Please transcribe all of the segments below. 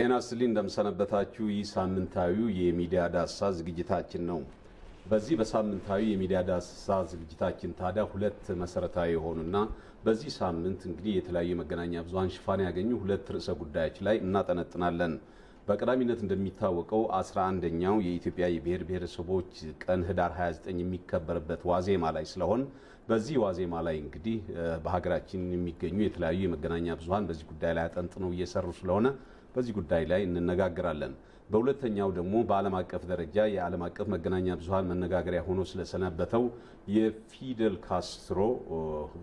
ጤና ይስጥልኝ እንደምሰነበታችሁ። ይህ ሳምንታዊው የሚዲያ ዳሰሳ ዝግጅታችን ነው። በዚህ በሳምንታዊ የሚዲያ ዳሰሳ ዝግጅታችን ታዲያ ሁለት መሰረታዊ የሆኑና በዚህ ሳምንት እንግዲህ የተለያዩ የመገናኛ ብዙሃን ሽፋን ያገኙ ሁለት ርዕሰ ጉዳዮች ላይ እናጠነጥናለን። በቀዳሚነት እንደሚታወቀው አስራ አንደኛው የኢትዮጵያ የብሔር ብሔረሰቦች ቀን ህዳር 29 የሚከበርበት ዋዜማ ላይ ስለሆን በዚህ ዋዜማ ላይ እንግዲህ በሀገራችን የሚገኙ የተለያዩ የመገናኛ ብዙሃን በዚህ ጉዳይ ላይ አጠንጥነው እየሰሩ ስለሆነ በዚህ ጉዳይ ላይ እንነጋግራለን። በሁለተኛው ደግሞ በዓለም አቀፍ ደረጃ የዓለም አቀፍ መገናኛ ብዙሃን መነጋገሪያ ሆኖ ስለሰነበተው የፊደል ካስትሮ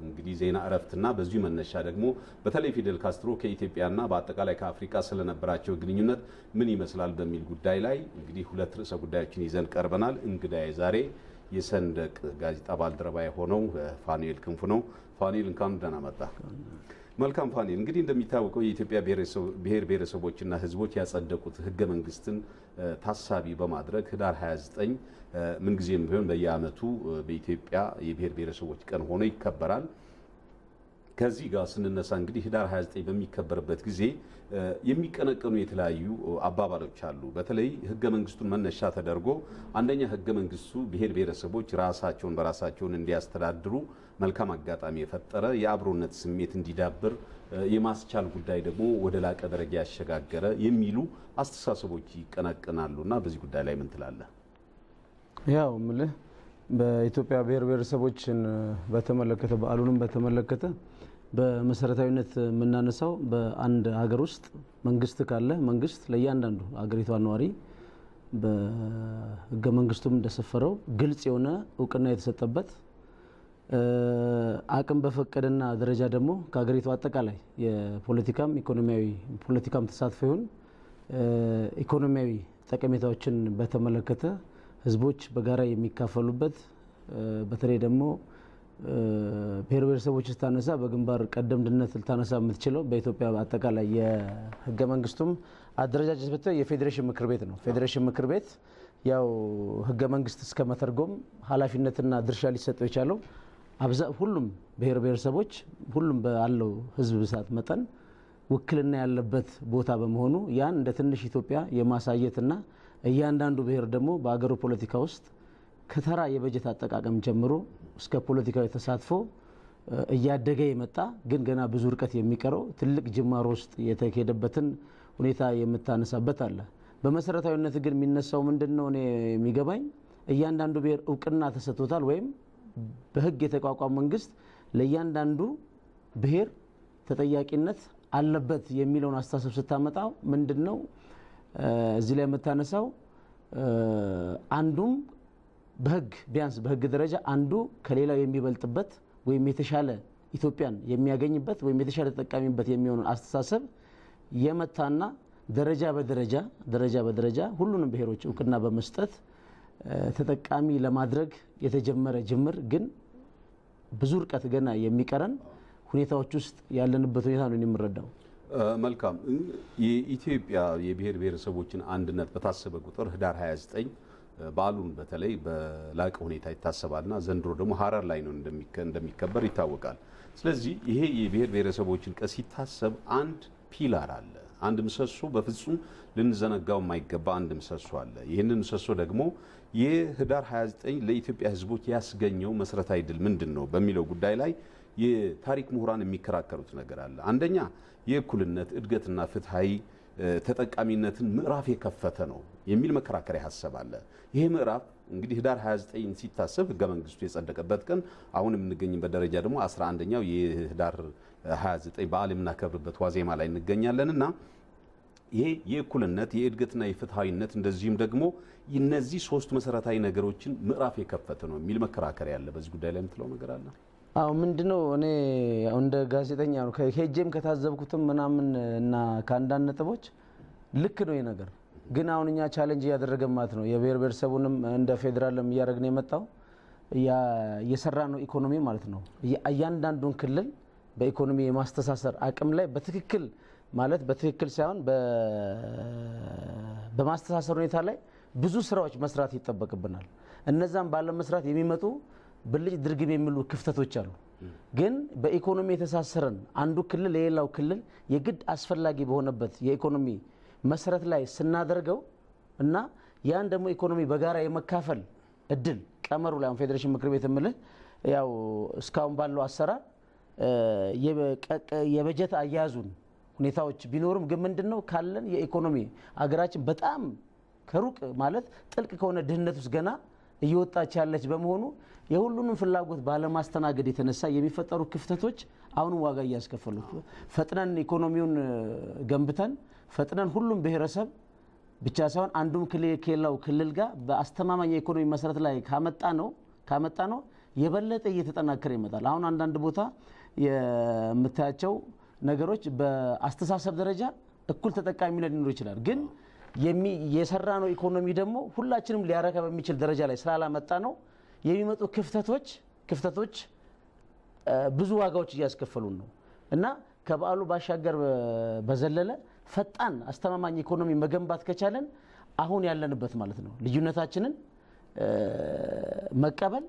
እንግዲህ ዜና እረፍትና በዚሁ መነሻ ደግሞ በተለይ ፊደል ካስትሮ ከኢትዮጵያና በአጠቃላይ ከአፍሪካ ስለነበራቸው ግንኙነት ምን ይመስላል በሚል ጉዳይ ላይ እንግዲህ ሁለት ርዕሰ ጉዳዮችን ይዘን ቀርበናል። እንግዳዬ ዛሬ የሰንደቅ ጋዜጣ ባልደረባ የሆነው ፋኑኤል ክንፉ ነው። ፋኑኤል እንኳን ደህና መጣ። መልካም ፋኔል እንግዲህ እንደሚታወቀው የኢትዮጵያ ብሔር ብሔረሰቦችና ሕዝቦች ያጸደቁት ህገ መንግስትን ታሳቢ በማድረግ ህዳር 29 ምንጊዜም ቢሆን በየአመቱ በኢትዮጵያ የብሔር ብሔረሰቦች ቀን ሆኖ ይከበራል። ከዚህ ጋር ስንነሳ እንግዲህ ህዳር 29 በሚከበርበት ጊዜ የሚቀነቀኑ የተለያዩ አባባሎች አሉ። በተለይ ህገ መንግስቱን መነሻ ተደርጎ አንደኛ ህገ መንግስቱ ብሔር ብሔረሰቦች ራሳቸውን በራሳቸውን እንዲያስተዳድሩ መልካም አጋጣሚ የፈጠረ የአብሮነት ስሜት እንዲዳብር የማስቻል ጉዳይ ደግሞ ወደ ላቀ ደረጃ ያሸጋገረ የሚሉ አስተሳሰቦች ይቀነቅናሉ እና በዚህ ጉዳይ ላይ ምን ትላለህ? ያው ምልህ በኢትዮጵያ ብሔር ብሔረሰቦችን በተመለከተ በዓሉንም በተመለከተ በመሰረታዊነት የምናነሳው በአንድ ሀገር ውስጥ መንግስት ካለ መንግስት ለእያንዳንዱ ሀገሪቷ ነዋሪ በህገ መንግስቱም እንደሰፈረው ግልጽ የሆነ እውቅና የተሰጠበት አቅም በፈቀደና ደረጃ ደግሞ ከሀገሪቷ አጠቃላይ የፖለቲካም ኢኮኖሚያዊ ፖለቲካም ተሳትፎ ይሁን ኢኮኖሚያዊ ጠቀሜታዎችን በተመለከተ ህዝቦች በጋራ የሚካፈሉበት በተለይ ደግሞ ብሔር ብሔረሰቦች ስታነሳ በግንባር ቀደምድነት ልታነሳ የምትችለው በኢትዮጵያ አጠቃላይ የህገ መንግስቱም አደረጃጀት ብ የፌዴሬሽን ምክር ቤት ነው። ፌዴሬሽን ምክር ቤት ያው ህገ መንግስት እስከ መተርጎም ኃላፊነትና ድርሻ ሊሰጠው የቻለው ሁሉም ብሔር ብሔረሰቦች ሁሉም ባለው ህዝብ ብዛት መጠን ውክልና ያለበት ቦታ በመሆኑ ያን እንደ ትንሽ ኢትዮጵያ የማሳየትና እያንዳንዱ ብሔር ደግሞ በአገሩ ፖለቲካ ውስጥ ከተራ የበጀት አጠቃቀም ጀምሮ እስከ ፖለቲካዊ ተሳትፎ እያደገ የመጣ ግን ገና ብዙ ርቀት የሚቀረው ትልቅ ጅማሮ ውስጥ የተሄደበትን ሁኔታ የምታነሳበት አለ። በመሰረታዊነት ግን የሚነሳው ምንድን ነው? እኔ የሚገባኝ እያንዳንዱ ብሔር እውቅና ተሰጥቶታል ወይም በህግ የተቋቋመ መንግስት ለእያንዳንዱ ብሔር ተጠያቂነት አለበት የሚለውን አስተሳሰብ ስታመጣ ምንድን ነው እዚህ ላይ የምታነሳው አንዱም በህግ ቢያንስ በህግ ደረጃ አንዱ ከሌላው የሚበልጥበት ወይም የተሻለ ኢትዮጵያን የሚያገኝበት ወይም የተሻለ ተጠቃሚበት የሚሆኑን አስተሳሰብ የመታና ደረጃ በደረጃ ደረጃ በደረጃ ሁሉንም ብሔሮች እውቅና በመስጠት ተጠቃሚ ለማድረግ የተጀመረ ጅምር ግን ብዙ እርቀት ገና የሚቀረን ሁኔታዎች ውስጥ ያለንበት ሁኔታ ነው የምንረዳው። መልካም የኢትዮጵያ የብሔር ብሔረሰቦችን አንድነት በታሰበ ቁጥር ህዳር 29 በዓሉን በተለይ በላቀ ሁኔታ ይታሰባልና ዘንድሮ ደግሞ ሀረር ላይ ነው እንደሚከበር ይታወቃል። ስለዚህ ይሄ የብሔር ብሔረሰቦችን ቀን ሲታሰብ አንድ ፒላር አለ፣ አንድ ምሰሶ፣ በፍጹም ልንዘነጋው የማይገባ አንድ ምሰሶ አለ። ይህንን ምሰሶ ደግሞ የህዳር 29 ለኢትዮጵያ ህዝቦች ያስገኘው መሰረታዊ ድል ምንድን ነው በሚለው ጉዳይ ላይ የታሪክ ምሁራን የሚከራከሩት ነገር አለ። አንደኛ የእኩልነት እድገትና ፍትሐዊ ተጠቃሚነትን ምዕራፍ የከፈተ ነው የሚል መከራከሪያ ሀሳብ አለ። ይሄ ምዕራፍ እንግዲህ ህዳር 29 ሲታሰብ ህገ መንግስቱ የጸደቀበት ቀን አሁን የምንገኝበት ደረጃ ደግሞ 11ኛው የህዳር 29 በዓል የምናከብርበት ዋዜማ ላይ እንገኛለን እና ይሄ የእኩልነት የእድገትና የፍትሐዊነት እንደዚሁም ደግሞ እነዚህ ሶስት መሰረታዊ ነገሮችን ምዕራፍ የከፈተ ነው የሚል መከራከሪያ አለ። በዚህ ጉዳይ ላይ የምትለው ነገር አለ? አዎ ምንድነው እኔ እንደ ጋዜጠኛ ነው ሄጄም ከታዘብኩትም ምናምን እና ከአንዳንድ ነጥቦች ልክ ነው ነገር ግን አሁን እኛ ቻሌንጅ እያደረገ ማለት ነው የብሔር ብሔረሰቡንም እንደ ፌዴራልም እያደረግን የመጣው የሰራ ነው ኢኮኖሚ ማለት ነው። እያንዳንዱን ክልል በኢኮኖሚ የማስተሳሰር አቅም ላይ በትክክል ማለት በትክክል ሳይሆን በማስተሳሰር ሁኔታ ላይ ብዙ ስራዎች መስራት ይጠበቅብናል። እነዛም ባለመስራት የሚመጡ ብልጭ ድርግም የሚሉ ክፍተቶች አሉ። ግን በኢኮኖሚ የተሳሰረን አንዱ ክልል የሌላው ክልል የግድ አስፈላጊ በሆነበት የኢኮኖሚ መሰረት ላይ ስናደርገው እና ያን ደግሞ ኢኮኖሚ በጋራ የመካፈል እድል ቀመሩ ላይ ፌዴሬሽን ምክር ቤት የምልህ ያው እስካሁን ባለው አሰራር የበጀት አያያዙን ሁኔታዎች ቢኖርም ግን ምንድን ነው ካለን የኢኮኖሚ አገራችን በጣም ከሩቅ ማለት ጥልቅ ከሆነ ድህነት ውስጥ ገና እየወጣች ያለች በመሆኑ የሁሉንም ፍላጎት ባለማስተናገድ የተነሳ የሚፈጠሩ ክፍተቶች አሁንም ዋጋ እያስከፈሉ ፈጥነን ኢኮኖሚውን ገንብተን ፈጥነን ሁሉም ብሔረሰብ ብቻ ሳይሆን አንዱም ከሌላው ክልል ጋር በአስተማማኝ የኢኮኖሚ መሰረት ላይ ካመጣ ነው ካመጣ ነው የበለጠ እየተጠናከረ ይመጣል። አሁን አንዳንድ ቦታ የምታያቸው ነገሮች በአስተሳሰብ ደረጃ እኩል ተጠቃሚ ሊኖር ይችላል ግን የሰራ ነው ኢኮኖሚ ደግሞ ሁላችንም ሊያረካ በሚችል ደረጃ ላይ ስላላመጣ ነው የሚመጡ ክፍተቶች ክፍተቶች ብዙ ዋጋዎች እያስከፈሉን ነው እና ከበዓሉ ባሻገር በዘለለ ፈጣን አስተማማኝ ኢኮኖሚ መገንባት ከቻለን አሁን ያለንበት ማለት ነው ልዩነታችንን መቀበል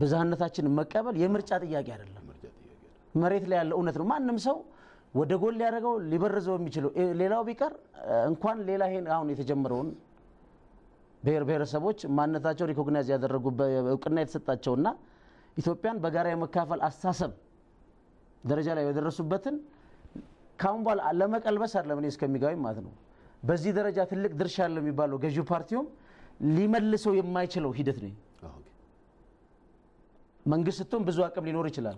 ብዝሃነታችንን መቀበል የምርጫ ጥያቄ አይደለም፣ መሬት ላይ ያለ እውነት ነው። ማንም ሰው ወደ ጎል ሊያደርገው ሊበርዘው የሚችለው ሌላው ቢቀር እንኳን ሌላ ይሄን አሁን የተጀመረውን ብሔር ብሔረሰቦች ማንነታቸው ሪኮግናይዝ ያደረጉበት እውቅና የተሰጣቸውና ኢትዮጵያን በጋራ የመካፈል አስተሳሰብ ደረጃ ላይ የደረሱበትን ካሁን በኋላ ለመቀልበስ አለ ምን እስከሚገባኝ ማለት ነው። በዚህ ደረጃ ትልቅ ድርሻ ያለው የሚባለው ገዢው ፓርቲውም ሊመልሰው የማይችለው ሂደት ነው። መንግስት ስትሆን ብዙ አቅም ሊኖር ይችላል።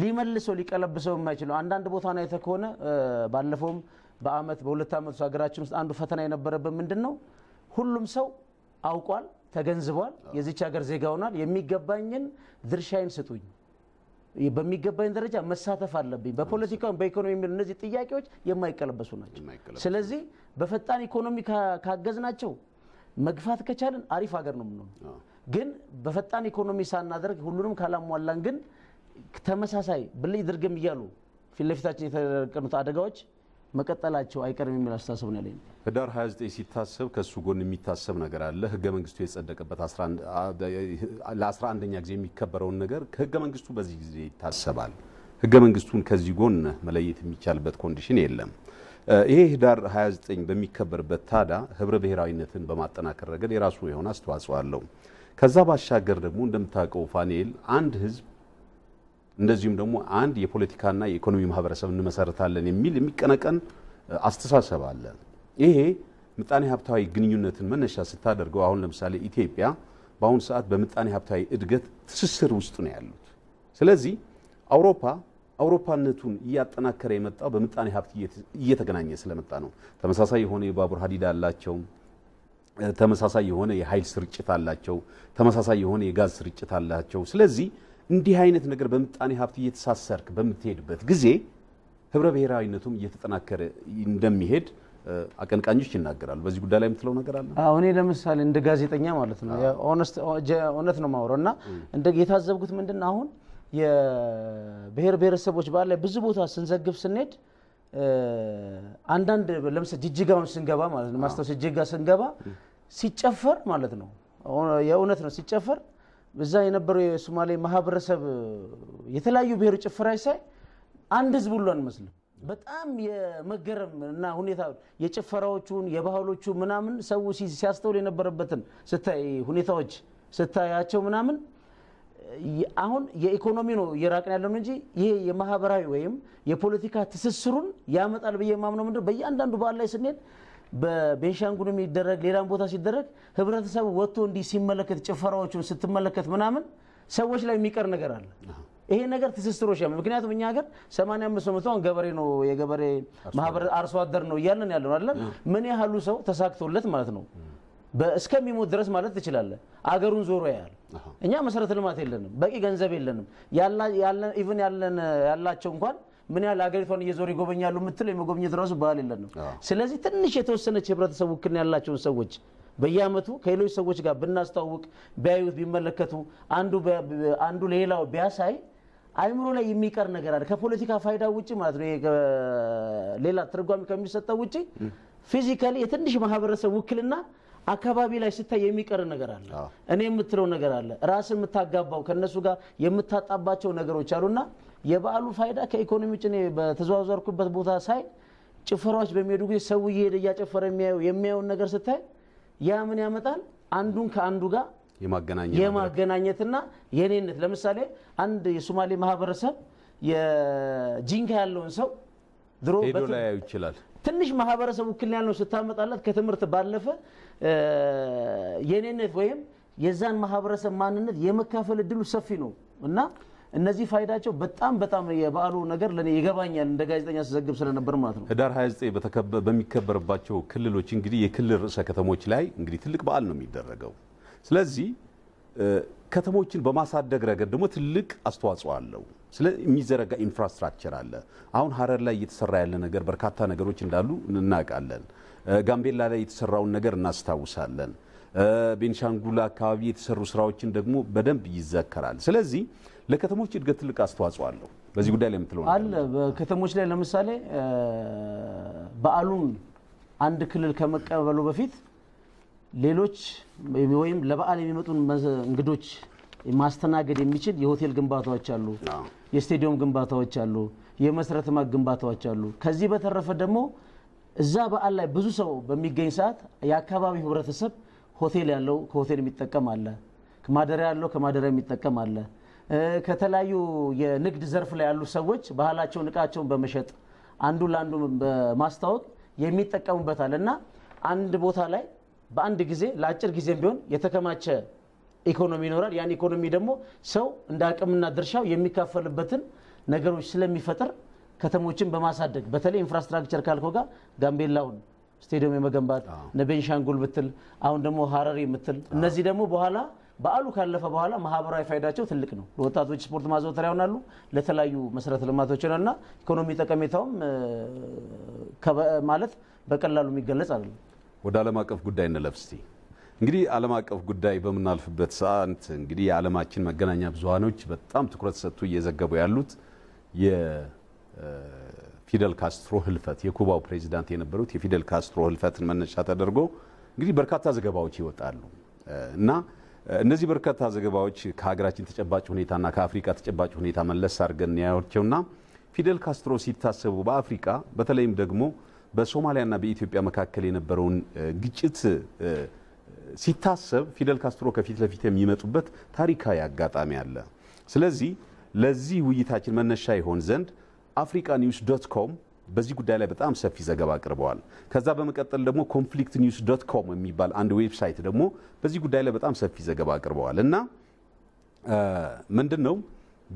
ሊመልሰው ሊቀለብሰው የማይችለው አንዳንድ ቦታ ነው ከሆነ ባለፈውም በአመት በሁለት አመት ሀገራችን ውስጥ አንዱ ፈተና የነበረብን ምንድን ነው፣ ሁሉም ሰው አውቋል፣ ተገንዝቧል፣ የዚች ሀገር ዜጋ ሆኗል። የሚገባኝን ድርሻዬን ስጡኝ በሚገባኝ ደረጃ መሳተፍ አለብኝ። በፖለቲካውን በኢኮኖሚ የሚሉ እነዚህ ጥያቄዎች የማይቀለበሱ ናቸው። ስለዚህ በፈጣን ኢኮኖሚ ካገዝናቸው መግፋት ከቻልን አሪፍ ሀገር ነው የምንሆነው። ግን በፈጣን ኢኮኖሚ ሳናደርግ ሁሉንም ካላሟላን ግን ተመሳሳይ ብልይ ድርግም እያሉ ፊት ለፊታችን የተደቀኑት አደጋዎች መቀጠላቸው አይቀርም የሚል አስተሳሰብ ነው ያለኝ። ህዳር 29 ሲታሰብ ከእሱ ጎን የሚታሰብ ነገር አለ። ህገ መንግስቱ የጸደቀበት ለ11ኛ ጊዜ የሚከበረውን ነገር ከህገ መንግስቱ በዚህ ጊዜ ይታሰባል። ህገ መንግስቱን ከዚህ ጎን መለየት የሚቻልበት ኮንዲሽን የለም። ይሄ ህዳር 29 በሚከበርበት ታዳ ህብረ ብሔራዊነትን በማጠናከር ረገድ የራሱ የሆነ አስተዋጽኦ አለው። ከዛ ባሻገር ደግሞ እንደምታውቀው ፋኒኤል አንድ ህዝብ እንደዚሁም ደግሞ አንድ የፖለቲካና የኢኮኖሚ ማህበረሰብ እንመሰርታለን የሚል የሚቀነቀን አስተሳሰብ አለ። ይሄ ምጣኔ ሀብታዊ ግንኙነትን መነሻ ስታደርገው አሁን ለምሳሌ ኢትዮጵያ በአሁኑ ሰዓት በምጣኔ ሀብታዊ እድገት ትስስር ውስጥ ነው ያሉት። ስለዚህ አውሮፓ አውሮፓነቱን እያጠናከረ የመጣው በምጣኔ ሀብት እየተገናኘ ስለመጣ ነው። ተመሳሳይ የሆነ የባቡር ሀዲድ አላቸውም። ተመሳሳይ የሆነ የኃይል ስርጭት አላቸው። ተመሳሳይ የሆነ የጋዝ ስርጭት አላቸው። ስለዚህ እንዲህ አይነት ነገር በምጣኔ ሀብት እየተሳሰርክ በምትሄድበት ጊዜ ህብረ ብሔራዊነቱም እየተጠናከረ እንደሚሄድ አቀንቃኞች ይናገራሉ። በዚህ ጉዳይ ላይ የምትለው ነገር አለ? እኔ ለምሳሌ እንደ ጋዜጠኛ ማለት ነው እውነት ነው የማወራው እና እንደ የታዘብኩት ምንድን ነው አሁን የብሔር ብሔረሰቦች በዓል ላይ ብዙ ቦታ ስንዘግብ ስንሄድ አንዳንድ ለምሳሌ ጅጅጋውን ስንገባ ማለት ነው ማስታወስ ጅጅጋ ስንገባ ሲጨፈር ማለት ነው የእውነት ነው ሲጨፈር እዛ የነበረው የሶማሌ ማህበረሰብ የተለያዩ ብሔሮች ጭፈራ ሳይ አንድ ህዝብ ሁሉ አንመስልም። በጣም የመገረም እና ሁኔታ የጭፈራዎቹን የባህሎቹ ምናምን ሰው ሲያስተውል የነበረበትን ስታይ ሁኔታዎች ስታያቸው ምናምን አሁን የኢኮኖሚ ነው እየራቅን ያለን እንጂ ይሄ የማህበራዊ ወይም የፖለቲካ ትስስሩን ያመጣል ብዬ ማምነው ምንድን በእያንዳንዱ በዓል ላይ ስንሄድ በቤንሻንጉል የሚደረግ ሌላም ቦታ ሲደረግ ህብረተሰቡ ወጥቶ እንዲህ ሲመለከት ጭፈራዎቹን ስትመለከት ምናምን ሰዎች ላይ የሚቀር ነገር አለ። ይሄ ነገር ትስስሮች ያ ምክንያቱም እኛ ሀገር 85 በመቶ ገበሬ ነው የገበሬ ማህበር አርሶ አደር ነው እያለን ያለው አለ ምን ያህሉ ሰው ተሳክቶለት ማለት ነው እስከሚሞት ድረስ ማለት ትችላለህ። አገሩን ዞሮ ያህል እኛ መሰረተ ልማት የለንም፣ በቂ ገንዘብ የለንም። ኢቭን ያላቸው እንኳን ምን ያህል ሀገሪቷን እየዞሩ ይጎበኛሉ የምትለው የመጎብኘት ራሱ ባህል የለን ነው። ስለዚህ ትንሽ የተወሰነች የህብረተሰቡ ውክልና ያላቸውን ሰዎች በየአመቱ ከሌሎች ሰዎች ጋር ብናስተዋውቅ ቢያዩት ቢመለከቱ አንዱ ለሌላው ቢያሳይ አይምሮ ላይ የሚቀር ነገር አለ ከፖለቲካ ፋይዳ ውጭ ማለት ነው። ሌላ ትርጓሚ ከሚሰጠው ውጭ ፊዚካሊ የትንሽ ማህበረሰብ ውክልና አካባቢ ላይ ስታይ የሚቀር ነገር አለ። እኔ የምትለው ነገር አለ። ራስን የምታጋባው ከእነሱ ጋር የምታጣባቸው ነገሮች አሉና የበዓሉ ፋይዳ ከኢኮኖሚ ውጭ በተዘዋወርኩበት ቦታ ሳይ ጭፈራዎች በሚሄዱ ጊዜ ሰው እየሄደ እያጨፈረ የሚያየውን ነገር ስታይ ያ ምን ያመጣል? አንዱን ከአንዱ ጋር የማገናኘትና የኔነት። ለምሳሌ አንድ የሶማሌ ማህበረሰብ የጂንካ ያለውን ሰው ድሮ ይችላል። ትንሽ ማህበረሰብ ውክልና ያለው ስታመጣለት ከትምህርት ባለፈ የኔነት ወይም የዛን ማህበረሰብ ማንነት የመካፈል እድሉ ሰፊ ነው እና እነዚህ ፋይዳቸው በጣም በጣም የበዓሉ ነገር ለእኔ ይገባኛል፣ እንደ ጋዜጠኛ ስዘግብ ስለነበር ማለት ነው። ህዳር 29 በሚከበርባቸው ክልሎች እንግዲህ የክልል ርዕሰ ከተሞች ላይ እንግዲህ ትልቅ በዓል ነው የሚደረገው። ስለዚህ ከተሞችን በማሳደግ ረገድ ደግሞ ትልቅ አስተዋጽኦ አለው። የሚዘረጋ ኢንፍራስትራክቸር አለ። አሁን ሀረር ላይ እየተሰራ ያለ ነገር በርካታ ነገሮች እንዳሉ እናውቃለን። ጋምቤላ ላይ የተሰራውን ነገር እናስታውሳለን። ቤንሻንጉል አካባቢ የተሰሩ ስራዎችን ደግሞ በደንብ ይዘከራል። ስለዚህ ለከተሞች እድገት ትልቅ አስተዋጽኦ አለው። በዚህ ጉዳይ ላይ የምትለው አለ። በከተሞች ላይ ለምሳሌ በዓሉን አንድ ክልል ከመቀበሉ በፊት ሌሎች ወይም ለበዓል የሚመጡ እንግዶች ማስተናገድ የሚችል የሆቴል ግንባታዎች አሉ፣ የስቴዲየም ግንባታዎች አሉ፣ የመሰረተ ልማት ግንባታዎች አሉ። ከዚህ በተረፈ ደግሞ እዛ በዓል ላይ ብዙ ሰው በሚገኝ ሰዓት የአካባቢው ህብረተሰብ ሆቴል ያለው ከሆቴል የሚጠቀም አለ፣ ማደሪያ ያለው ከማደሪያ የሚጠቀም አለ ከተለያዩ የንግድ ዘርፍ ላይ ያሉ ሰዎች ባህላቸውን እቃቸውን በመሸጥ አንዱ ለአንዱ በማስታወቅ የሚጠቀሙበታል እና አንድ ቦታ ላይ በአንድ ጊዜ ለአጭር ጊዜም ቢሆን የተከማቸ ኢኮኖሚ ይኖራል። ያን ኢኮኖሚ ደግሞ ሰው እንደ አቅምና ድርሻው የሚካፈልበትን ነገሮች ስለሚፈጥር ከተሞችን በማሳደግ በተለይ ኢንፍራስትራክቸር ካልኮ ጋር ጋምቤላውን ስቴዲየም የመገንባት እነ ቤንሻንጉል ብትል አሁን ደግሞ ሀረሪ ምትል እነዚህ ደግሞ በኋላ በዓሉ ካለፈ በኋላ ማህበራዊ ፋይዳቸው ትልቅ ነው። ለወጣቶች ስፖርት ማዘውተሪያ ይሆናሉ፣ ለተለያዩ መሰረተ ልማቶች ና ኢኮኖሚ ጠቀሜታውም ማለት በቀላሉ የሚገለጽ አይደለም። ወደ ዓለም አቀፍ ጉዳይ እንለፍ እስቲ። እንግዲህ ዓለም አቀፍ ጉዳይ በምናልፍበት ሰዓት እንግዲህ የዓለማችን መገናኛ ብዙሃኖች በጣም ትኩረት ሰጥቶ እየዘገቡ ያሉት የፊደል ካስትሮ ህልፈት የኩባው ፕሬዚዳንት የነበሩት የፊደል ካስትሮ ህልፈትን መነሻ ተደርጎ እንግዲህ በርካታ ዘገባዎች ይወጣሉ እና እነዚህ በርካታ ዘገባዎች ከሀገራችን ተጨባጭ ሁኔታና ከአፍሪካ ተጨባጭ ሁኔታ መለስ አድርገን ያያቸውና ፊደል ካስትሮ ሲታሰቡ በአፍሪካ በተለይም ደግሞ በሶማሊያና በኢትዮጵያ መካከል የነበረውን ግጭት ሲታሰብ ፊደል ካስትሮ ከፊት ለፊት የሚመጡበት ታሪካዊ አጋጣሚ አለ። ስለዚህ ለዚህ ውይይታችን መነሻ ይሆን ዘንድ አፍሪካ ኒውስ ዶት ኮም በዚህ ጉዳይ ላይ በጣም ሰፊ ዘገባ አቅርበዋል። ከዛ በመቀጠል ደግሞ ኮንፍሊክት ኒውስ ዶት ኮም የሚባል አንድ ዌብሳይት ደግሞ በዚህ ጉዳይ ላይ በጣም ሰፊ ዘገባ አቅርበዋል እና ምንድን ነው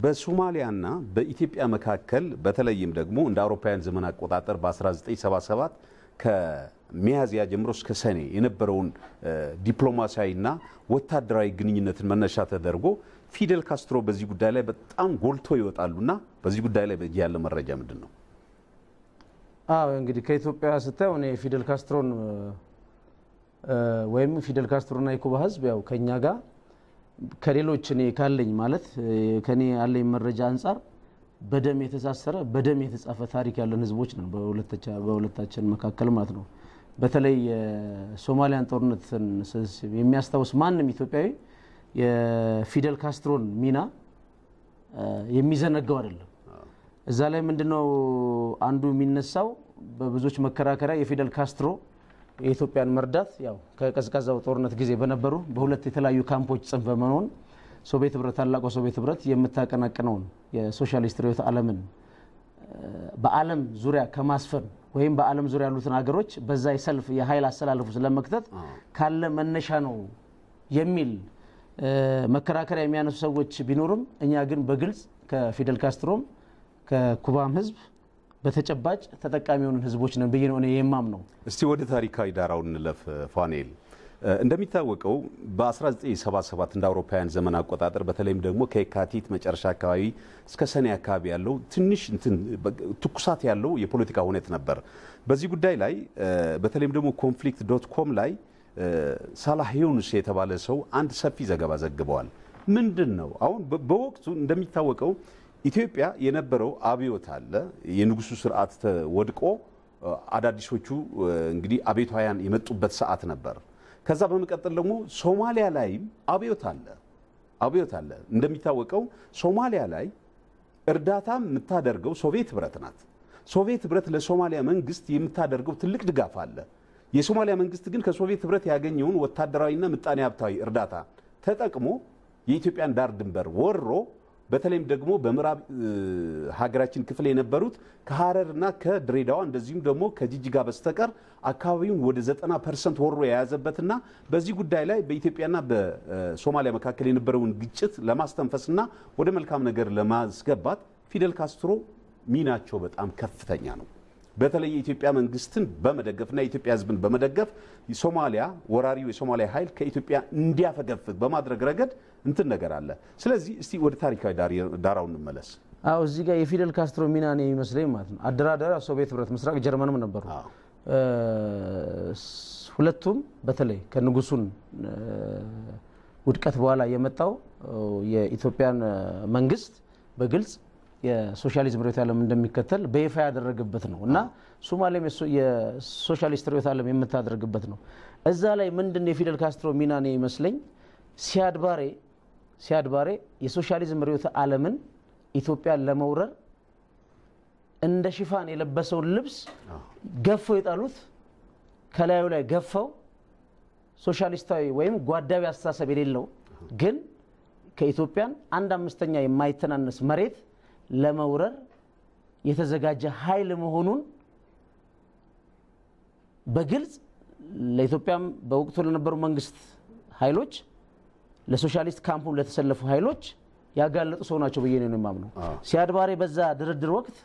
በሶማሊያና በኢትዮጵያ መካከል በተለይም ደግሞ እንደ አውሮፓውያን ዘመን አቆጣጠር በ1977 ከሚያዝያ ጀምሮ እስከ ሰኔ የነበረውን ዲፕሎማሲያዊና ወታደራዊ ግንኙነትን መነሻ ተደርጎ ፊደል ካስትሮ በዚህ ጉዳይ ላይ በጣም ጎልቶ ይወጣሉና በዚህ ጉዳይ ላይ ያለ መረጃ ምንድን ነው? አዎ እንግዲህ ከኢትዮጵያ ስታየው እኔ ፊደል ካስትሮን ወይም ፊደል ካስትሮና የኩባ ህዝብ ያው ከኛ ጋር ከሌሎች እኔ ካለኝ ማለት ከኔ ያለኝ መረጃ አንጻር በደም የተሳሰረ በደም የተጻፈ ታሪክ ያለን ህዝቦች ነን በሁለታችን መካከል ማለት ነው። በተለይ የሶማሊያን ጦርነትን የሚያስታውስ ማንም ኢትዮጵያዊ የፊደል ካስትሮን ሚና የሚዘነገው አይደለም። እዛ ላይ ምንድነው አንዱ የሚነሳው በብዙዎች መከራከሪያ የፊደል ካስትሮ የኢትዮጵያን መርዳት ያው ከቀዝቃዛው ጦርነት ጊዜ በነበሩ በሁለት የተለያዩ ካምፖች ጽንፍ በመሆን ሶቪየት ህብረት ታላቋ ሶቪየት ህብረት የምታቀናቅነውን የሶሻሊስት ርዕዮተ ዓለምን በዓለም ዙሪያ ከማስፈን ወይም በዓለም ዙሪያ ያሉትን ሀገሮች በዛ የሰልፍ የኃይል አሰላለፉ ስለመክተት ካለ መነሻ ነው የሚል መከራከሪያ የሚያነሱ ሰዎች ቢኖሩም እኛ ግን በግልጽ ከፊደል ካስትሮም ከኩባም ህዝብ በተጨባጭ ተጠቃሚ የሆኑን ህዝቦች ነን ብዬ ነው የማም ነው። እስቲ ወደ ታሪካዊ ዳራው እንለፍ። ፋኔል እንደሚታወቀው በ1977 እንደ አውሮፓውያን ዘመን አቆጣጠር በተለይም ደግሞ ከየካቲት መጨረሻ አካባቢ እስከ ሰኔ አካባቢ ያለው ትንሽ ትኩሳት ያለው የፖለቲካ ሁኔት ነበር። በዚህ ጉዳይ ላይ በተለይም ደግሞ ኮንፍሊክት ዶት ኮም ላይ ሳላህ ዩኑስ የተባለ ሰው አንድ ሰፊ ዘገባ ዘግበዋል። ምንድን ነው አሁን በወቅቱ እንደሚታወቀው ኢትዮጵያ የነበረው አብዮት አለ። የንጉሱ ስርዓት ተወድቆ አዳዲሶቹ እንግዲህ አቤታውያን የመጡበት ሰዓት ነበር። ከዛ በመቀጠል ደግሞ ሶማሊያ ላይም አብዮት አለ አብዮት አለ። እንደሚታወቀው ሶማሊያ ላይ እርዳታ የምታደርገው ሶቪየት ህብረት ናት። ሶቪየት ህብረት ለሶማሊያ መንግስት የምታደርገው ትልቅ ድጋፍ አለ። የሶማሊያ መንግስት ግን ከሶቪየት ህብረት ያገኘውን ወታደራዊና ምጣኔ ሀብታዊ እርዳታ ተጠቅሞ የኢትዮጵያን ዳር ድንበር ወሮ በተለይም ደግሞ በምዕራብ ሀገራችን ክፍል የነበሩት ከሀረርና ከድሬዳዋ እንደዚሁም ደግሞ ከጅጅጋ በስተቀር አካባቢውን ወደ 90 ፐርሰንት ወሮ የያዘበትና በዚህ ጉዳይ ላይ በኢትዮጵያና በሶማሊያ መካከል የነበረውን ግጭት ለማስተንፈስና ወደ መልካም ነገር ለማስገባት ፊደል ካስትሮ ሚናቸው በጣም ከፍተኛ ነው። በተለይ የኢትዮጵያ መንግስትን በመደገፍና የኢትዮጵያ ህዝብን በመደገፍ ሶማሊያ ወራሪው የሶማሊያ ኃይል ከኢትዮጵያ እንዲያፈገፍግ በማድረግ ረገድ እንትን ነገር አለ። ስለዚህ እስቲ ወደ ታሪካዊ ዳራው እንመለስ። አዎ እዚህ ጋር የፊደል ካስትሮ ሚና ነው የሚመስለኝ ማለት ነው። አደራዳሪ ሶቪየት ህብረት፣ ምስራቅ ጀርመንም ነበሩ። ሁለቱም በተለይ ከንጉሱን ውድቀት በኋላ የመጣው የኢትዮጵያን መንግስት በግልጽ የሶሻሊዝም ርዕዮተ ዓለም እንደሚከተል በይፋ ያደረገበት ነው እና ሶማሌም የሶሻሊስት ርዕዮተ ዓለም የምታደርግበት ነው። እዛ ላይ ምንድን የፊደል ካስትሮ ሚና ነው ይመስለኝ ሲያድባሬ ሲያድባሬ የሶሻሊዝም ርዕዮተ ዓለምን ኢትዮጵያን ለመውረር እንደ ሽፋን የለበሰውን ልብስ ገፈው የጣሉት ከላዩ ላይ ገፈው ሶሻሊስታዊ ወይም ጓዳዊ አስተሳሰብ የሌለው ግን ከኢትዮጵያን አንድ አምስተኛ የማይተናነስ መሬት ለመውረር የተዘጋጀ ኃይል መሆኑን በግልጽ ለኢትዮጵያም በወቅቱ ለነበሩ መንግስት ኃይሎች ለሶሻሊስት ካምፑ ለተሰለፉ ኃይሎች ያጋለጡ ሰው ናቸው ብዬ ነው የማምነው። ሲያድባሬ በዛ ድርድር ወቅት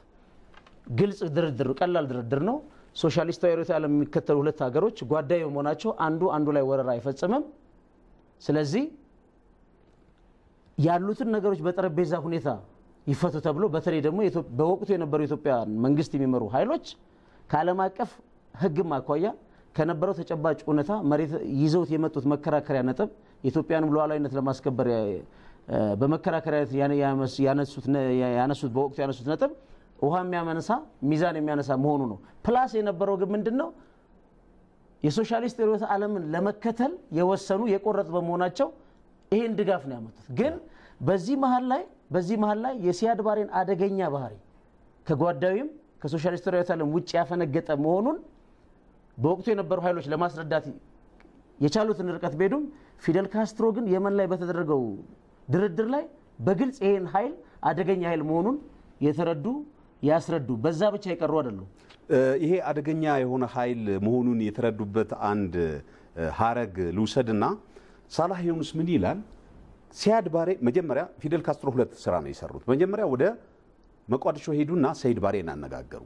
ግልጽ ድርድር፣ ቀላል ድርድር ነው። ሶሻሊስታዊ ርዕዮተ ዓለም የሚከተሉ ሁለት ሀገሮች ጓዳይ በመሆናቸው አንዱ አንዱ ላይ ወረራ አይፈጽምም። ስለዚህ ያሉትን ነገሮች በጠረጴዛ ሁኔታ ይፈቱ ተብሎ በተለይ ደግሞ በወቅቱ የነበሩ የኢትዮጵያ መንግስት የሚመሩ ኃይሎች ከዓለም አቀፍ ሕግም አኳያ ከነበረው ተጨባጭ እውነታ መሬት ይዘውት የመጡት መከራከሪያ ነጥብ ኢትዮጵያን ሉዓላዊነት ለማስከበር በመከራከሪያነት ያነሱት በወቅቱ ያነሱት ነጥብ ውሃ የሚያመነሳ ሚዛን የሚያነሳ መሆኑ ነው። ፕላስ የነበረው ግን ምንድን ነው የሶሻሊስት ርዕዮተ ዓለምን ለመከተል የወሰኑ የቆረጡ በመሆናቸው ይህን ድጋፍ ነው ያመጡት። ግን በዚህ መሀል ላይ በዚህ መሀል ላይ የሲያድ ባሬን አደገኛ ባህሪ ከጓዳዊም ከሶሻሊስት ርዕዮተ ዓለም ውጭ ያፈነገጠ መሆኑን በወቅቱ የነበሩ ኃይሎች ለማስረዳት የቻሉትን ርቀት ቢሄዱም ፊደል ካስትሮ ግን የመን ላይ በተደረገው ድርድር ላይ በግልጽ ይህን ኃይል አደገኛ ኃይል መሆኑን የተረዱ ያስረዱ በዛ ብቻ የቀሩ አይደሉም። ይሄ አደገኛ የሆነ ኃይል መሆኑን የተረዱበት አንድ ሀረግ ልውሰድና ሳላህ ዮኑስ ምን ይላል? ሲያድ ባሬ መጀመሪያ ፊደል ካስትሮ ሁለት ስራ ነው የሰሩት። መጀመሪያ ወደ መቋዲሾ ሄዱና ሰይድ ባሬን አነጋገሩ።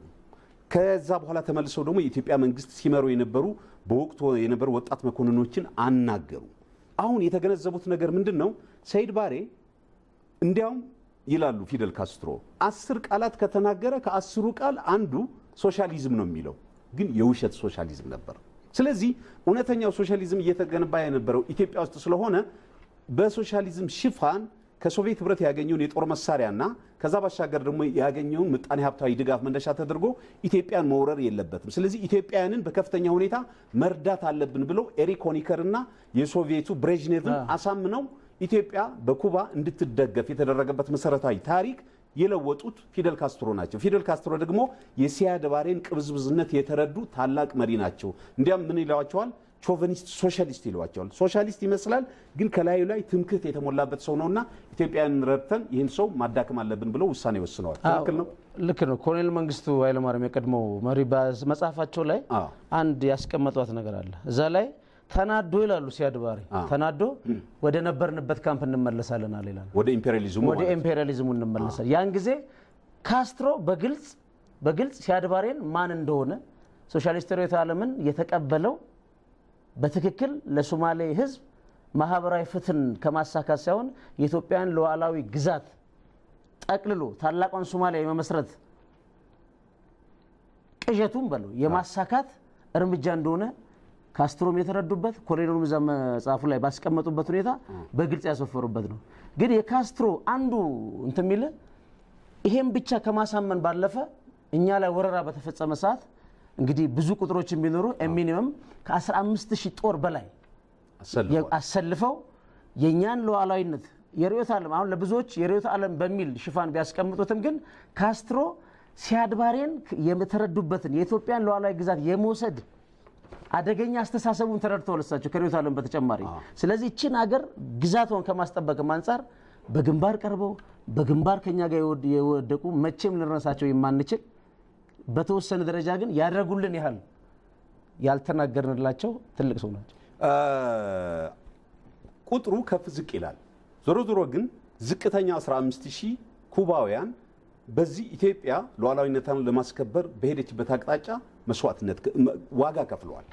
ከዛ በኋላ ተመልሰው ደግሞ የኢትዮጵያ መንግስት ሲመሩ የነበሩ በወቅቱ የነበሩ ወጣት መኮንኖችን አናገሩ። አሁን የተገነዘቡት ነገር ምንድን ነው? ሰይድ ባሬ እንዲያውም ይላሉ ፊደል ካስትሮ አስር ቃላት ከተናገረ ከአስሩ ቃል አንዱ ሶሻሊዝም ነው የሚለው ግን የውሸት ሶሻሊዝም ነበር። ስለዚህ እውነተኛው ሶሻሊዝም እየተገነባ የነበረው ኢትዮጵያ ውስጥ ስለሆነ በሶሻሊዝም ሽፋን ከሶቪየት ህብረት ያገኘውን የጦር መሳሪያና ከዛ ባሻገር ደግሞ ያገኘውን ምጣኔ ሀብታዊ ድጋፍ መነሻ ተደርጎ ኢትዮጵያን መውረር የለበትም። ስለዚህ ኢትዮጵያውያንን በከፍተኛ ሁኔታ መርዳት አለብን ብለው ኤሪክ ሆኒከርና የሶቪየቱ ብሬዥኔቭን አሳምነው ኢትዮጵያ በኩባ እንድትደገፍ የተደረገበት መሰረታዊ ታሪክ የለወጡት ፊደል ካስትሮ ናቸው። ፊደል ካስትሮ ደግሞ የሲያ ደባሬን ቅብዝብዝነት የተረዱ ታላቅ መሪ ናቸው። እንዲያም ምን ይለዋቸዋል? ቾቨኒስት ሶሻሊስት ይለዋቸዋል። ሶሻሊስት ይመስላል፣ ግን ከላዩ ላይ ትምክህት የተሞላበት ሰው ነውና ኢትዮጵያን ረድተን ይህን ሰው ማዳከም አለብን ብለው ውሳኔ ወስነዋል። ትክክል ነው። ልክ ነው። ኮሎኔል መንግስቱ ኃይለማርያም የቀድሞው መሪ መጽሐፋቸው ላይ አንድ ያስቀመጧት ነገር አለ። እዛ ላይ ተናዶ ይላሉ ሲያድባሪ ተናዶ ወደ ነበርንበት ካምፕ እንመለሳለን አለ ይላል። ወደ ኢምፔሪያሊዝሙ ወደ ኢምፔሪያሊዝሙ እንመለሳለን። ያን ጊዜ ካስትሮ በግልጽ በግልጽ ሲያድባሬን ማን እንደሆነ ሶሻሊስት ርዕዮተ ዓለምን የተቀበለው በትክክል ለሶማሌ ህዝብ ማህበራዊ ፍትህን ከማሳካት ሳይሆን የኢትዮጵያን ሉዓላዊ ግዛት ጠቅልሎ ታላቋን ሶማሊያ የመመስረት ቅዠቱም በለው የማሳካት እርምጃ እንደሆነ ካስትሮም የተረዱበት ኮሎኔሉም እዛ መጽሐፉ ላይ ባስቀመጡበት ሁኔታ በግልጽ ያሰፈሩበት ነው። ግን የካስትሮ አንዱ እንትን የሚል ይሄም ብቻ ከማሳመን ባለፈ እኛ ላይ ወረራ በተፈጸመ ሰዓት እንግዲህ ብዙ ቁጥሮች ቢኖሩ ሚኒመም ከ15 ሺህ ጦር በላይ አሰልፈው የእኛን ሉዓላዊነት የርዕዮተ ዓለም አሁን ለብዙዎች የርዕዮተ ዓለም በሚል ሽፋን ቢያስቀምጡትም ግን ካስትሮ ሲያድባሬን የተረዱበትን የኢትዮጵያን ሉዓላዊ ግዛት የመውሰድ አደገኛ አስተሳሰቡን ተረድተው ለሳቸው ከርዕዮተ ዓለም በተጨማሪ ስለዚህ እችን አገር ግዛቷን ከማስጠበቅም አንጻር በግንባር ቀርበው በግንባር ከኛ ጋር የወደቁ መቼም ልንረሳቸው የማንችል በተወሰነ ደረጃ ግን ያደረጉልን ያህል ያልተናገርንላቸው ትልቅ ሰው ናቸው። ቁጥሩ ከፍ ዝቅ ይላል። ዞሮ ዞሮ ግን ዝቅተኛ 15 ሺህ ኩባውያን በዚህ ኢትዮጵያ ሉዓላዊነቷን ለማስከበር በሄደችበት አቅጣጫ መስዋዕትነት ዋጋ ከፍለዋል።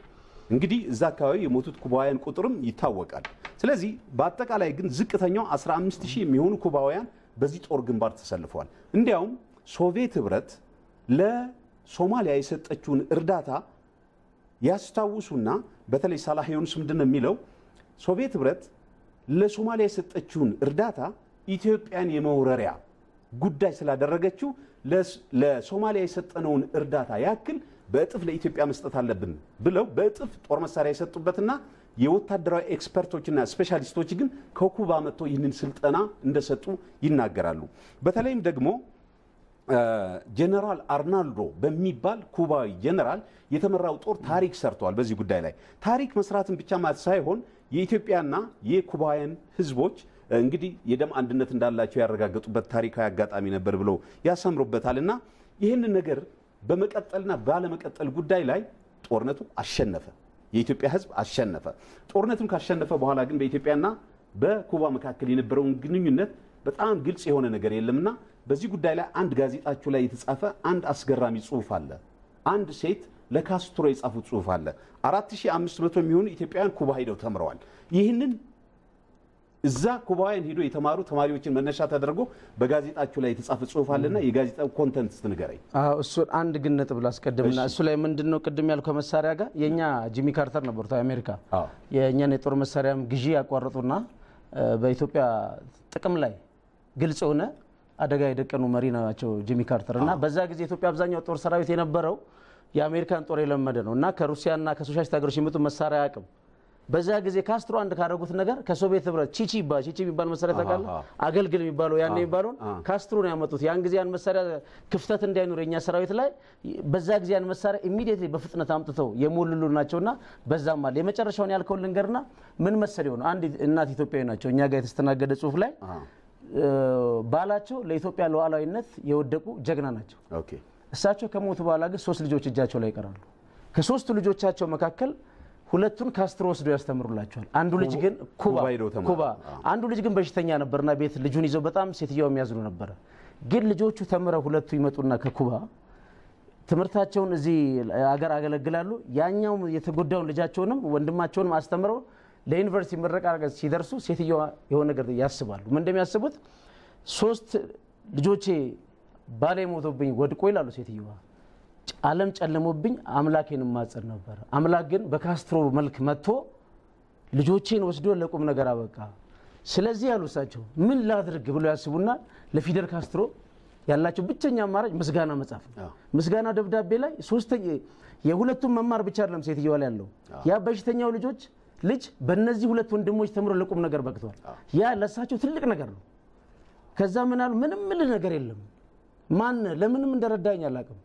እንግዲህ እዛ አካባቢ የሞቱት ኩባውያን ቁጥርም ይታወቃል። ስለዚህ በአጠቃላይ ግን ዝቅተኛው 15 ሺህ የሚሆኑ ኩባውያን በዚህ ጦር ግንባር ተሰልፈዋል። እንዲያውም ሶቪየት ህብረት ለ ሶማሊያ የሰጠችውን እርዳታ ያስታውሱና በተለይ ሳላህ ዮኑስ ምንድን ነው የሚለው ሶቪየት ህብረት ለሶማሊያ የሰጠችውን እርዳታ ኢትዮጵያን የመውረሪያ ጉዳይ ስላደረገችው ለሶማሊያ የሰጠነውን እርዳታ ያክል በእጥፍ ለኢትዮጵያ መስጠት አለብን ብለው በእጥፍ ጦር መሳሪያ የሰጡበትና የወታደራዊ ኤክስፐርቶችና ስፔሻሊስቶች ግን ከኩባ መጥተው ይህንን ስልጠና እንደሰጡ ይናገራሉ። በተለይም ደግሞ ጀነራል አርናልዶ በሚባል ኩባዊ ጀነራል የተመራው ጦር ታሪክ ሰርተዋል። በዚህ ጉዳይ ላይ ታሪክ መስራትን ብቻ ማለት ሳይሆን የኢትዮጵያና የኩባውያን ህዝቦች እንግዲህ የደም አንድነት እንዳላቸው ያረጋገጡበት ታሪካዊ አጋጣሚ ነበር ብሎ ያሰምሩበታል። እና ይህንን ነገር በመቀጠልና ባለመቀጠል ጉዳይ ላይ ጦርነቱ አሸነፈ፣ የኢትዮጵያ ህዝብ አሸነፈ። ጦርነቱን ካሸነፈ በኋላ ግን በኢትዮጵያና በኩባ መካከል የነበረውን ግንኙነት በጣም ግልጽ የሆነ ነገር የለምና በዚህ ጉዳይ ላይ አንድ ጋዜጣችሁ ላይ የተጻፈ አንድ አስገራሚ ጽሁፍ አለ። አንድ ሴት ለካስትሮ የጻፉት ጽሁፍ አለ። 4500 የሚሆኑ ኢትዮጵያውያን ኩባ ሄደው ተምረዋል። ይህንን እዛ ኩባውያን ሄዶ የተማሩ ተማሪዎችን መነሻ ተደርጎ በጋዜጣችሁ ላይ የተጻፈ ጽሁፍ አለና የጋዜጣው ኮንተንት ስትንገረኝ። እሱ አንድ ግን ነጥብ ላስቀድምና እሱ ላይ ምንድን ነው ቅድም ያልከው መሳሪያ ጋር የእኛ ጂሚ ካርተር ነበሩ አሜሪካ የእኛን የጦር መሳሪያም ግዢ ያቋረጡና በኢትዮጵያ ጥቅም ላይ ግልጽ የሆነ አደጋ የደቀኑ መሪ ናቸው ጂሚ ካርተር እና በዛ ጊዜ ኢትዮጵያ አብዛኛው ጦር ሰራዊት የነበረው የአሜሪካን ጦር የለመደ ነው እና ከሩሲያና ከሶሻሊስት ሀገሮች የመጡ መሳሪያ አቅም በዛ ጊዜ ካስትሮ አንድ ካደረጉት ነገር ከሶቪየት ህብረት ቺቺ ባ ቺቺ የሚባል መሳሪያ ታውቃለህ? አገልግል የሚባለው ያን የሚባለውን ካስትሮ ነው ያመጡት። ያን ጊዜ ያን መሳሪያ ክፍተት እንዳይኖር የኛ ሰራዊት ላይ በዛ ጊዜ ያን መሳሪያ ኢሚዲየትሊ በፍጥነት አምጥተው የሞልሉ ናቸውና በዛም አለ። የመጨረሻውን ያልከውን ልንገርና ምን መሰል የሆነ አንድ እናት ኢትዮጵያዊ ናቸው እኛ ጋር የተስተናገደ ጽሁፍ ላይ ባላቸው ለኢትዮጵያ ሉዓላዊነት የወደቁ ጀግና ናቸው። እሳቸው ከሞቱ በኋላ ግን ሶስት ልጆች እጃቸው ላይ ይቀራሉ። ከሶስቱ ልጆቻቸው መካከል ሁለቱን ካስትሮ ወስዶ ያስተምሩላቸዋል። አንዱ ልጅ ግን ኩባ፣ አንዱ ልጅ ግን በሽተኛ ነበርና ቤት ልጁን ይዘው በጣም ሴትየው የሚያዝኑ ነበረ። ግን ልጆቹ ተምረው ሁለቱ ይመጡና ከኩባ ትምህርታቸውን እዚህ አገር አገለግላሉ። ያኛው የተጎዳውን ልጃቸውንም ወንድማቸውንም አስተምረው ለዩኒቨርሲቲ ምረቃ ሲደርሱ ሴትዮዋ የሆነ ነገር ያስባሉ። ምን እንደሚያስቡት ሶስት ልጆቼ ባሌ ሞቶብኝ ወድቆ ይላሉ ሴትዮዋ ዓለም ጨልሞብኝ አምላኬን ማጸድ ነበር። አምላክ ግን በካስትሮ መልክ መጥቶ ልጆቼን ወስዶ ለቁም ነገር አበቃ። ስለዚህ ያሉ እሳቸው ምን ላድርግ ብሎ ያስቡና ለፊደል ካስትሮ ያላቸው ብቸኛ አማራጭ ምስጋና መጻፍ ነው። ምስጋና ደብዳቤ ላይ ሶስተኛ የሁለቱም መማር ብቻ አይደለም ሴትዮዋ ላይ ያለው ያ በሽተኛው ልጆች ልጅ በእነዚህ ሁለት ወንድሞች ተምሮ ለቁም ነገር በቅቷል። ያ ለእሳቸው ትልቅ ነገር ነው። ከዛ ምናሉ ምንም ምልህ ነገር የለም ማን ለምንም እንደረዳኝ አላቅም፣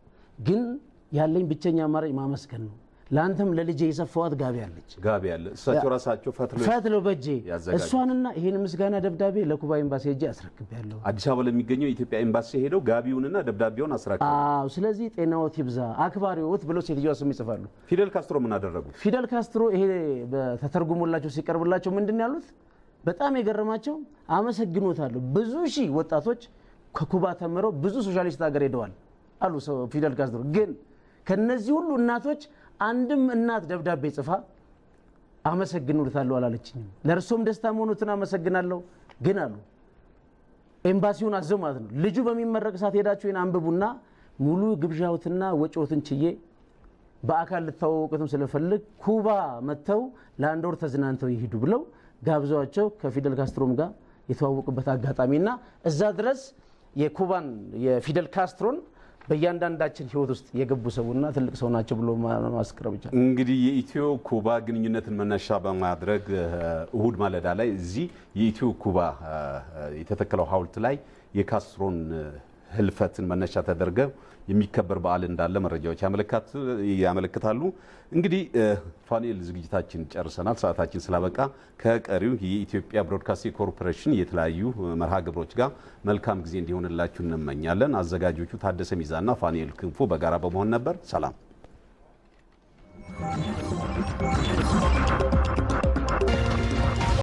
ግን ያለኝ ብቸኛ አማራጭ ማመስገን ነው። ለአንተም ለልጄ የሰፋዋት ጋቢ አለች ጋቢ አለ እሳቸው ራሳቸው ፈትሎ በጄ እሷንና ይህን ምስጋና ደብዳቤ ለኩባ ኤምባሲ ሄጄ አስረክቤያለሁ። አዲስ አበባ ለሚገኘው የኢትዮጵያ ኤምባሲ ሄደው ጋቢውንና ደብዳቤውን አስረክበ። ስለዚህ ጤናዎት ይብዛ አክባሪዎት ብሎ ሴትዮዋ ስም ይጽፋሉ። ፊደል ካስትሮ ምን አደረጉ? ፊደል ካስትሮ ይሄ ተተርጉሞላቸው ሲቀርብላቸው ምንድን ያሉት በጣም የገረማቸው አመሰግኖታለሁ፣ ብዙ ሺህ ወጣቶች ከኩባ ተምረው ብዙ ሶሻሊስት ሀገር ሄደዋል አሉ ፊደል ካስትሮ ግን ከነዚህ ሁሉ እናቶች አንድም እናት ደብዳቤ ጽፋ አመሰግኑልታለሁ አላለችኝም። ለእርሶም ደስታ መሆኑትን አመሰግናለሁ ግን አሉ ኤምባሲውን አዘው ማለት ነው። ልጁ በሚመረቅ ሰዓት ሄዳችሁ ይህን አንብቡና ሙሉ ግብዣዎትና ወጪዎትን ችዬ በአካል ልታወቁትም ስለፈልግ ኩባ መጥተው ለአንድ ወር ተዝናንተው ይሄዱ ብለው ጋብዘዋቸው ከፊደል ካስትሮም ጋር የተዋወቁበት አጋጣሚና እዛ ድረስ የኩባን የፊደል ካስትሮን በእያንዳንዳችን ህይወት ውስጥ የገቡ ሰውና ትልቅ ሰው ናቸው ብሎ ማስቀረብ ይቻላል። እንግዲህ የኢትዮ ኩባ ግንኙነትን መነሻ በማድረግ እሁድ ማለዳ ላይ እዚህ የኢትዮ ኩባ የተተከለው ሀውልት ላይ የካስትሮን ህልፈትን መነሻ ተደርገው የሚከበር በዓል እንዳለ መረጃዎች ያመለክታሉ። እንግዲህ ፋኔል ዝግጅታችን ጨርሰናል። ሰዓታችን ስላበቃ ከቀሪው የኢትዮጵያ ብሮድካስቲንግ ኮርፖሬሽን የተለያዩ መርሃ ግብሮች ጋር መልካም ጊዜ እንዲሆንላችሁ እንመኛለን። አዘጋጆቹ ታደሰ ሚዛና ፋኔል ክንፎ በጋራ በመሆን ነበር። ሰላም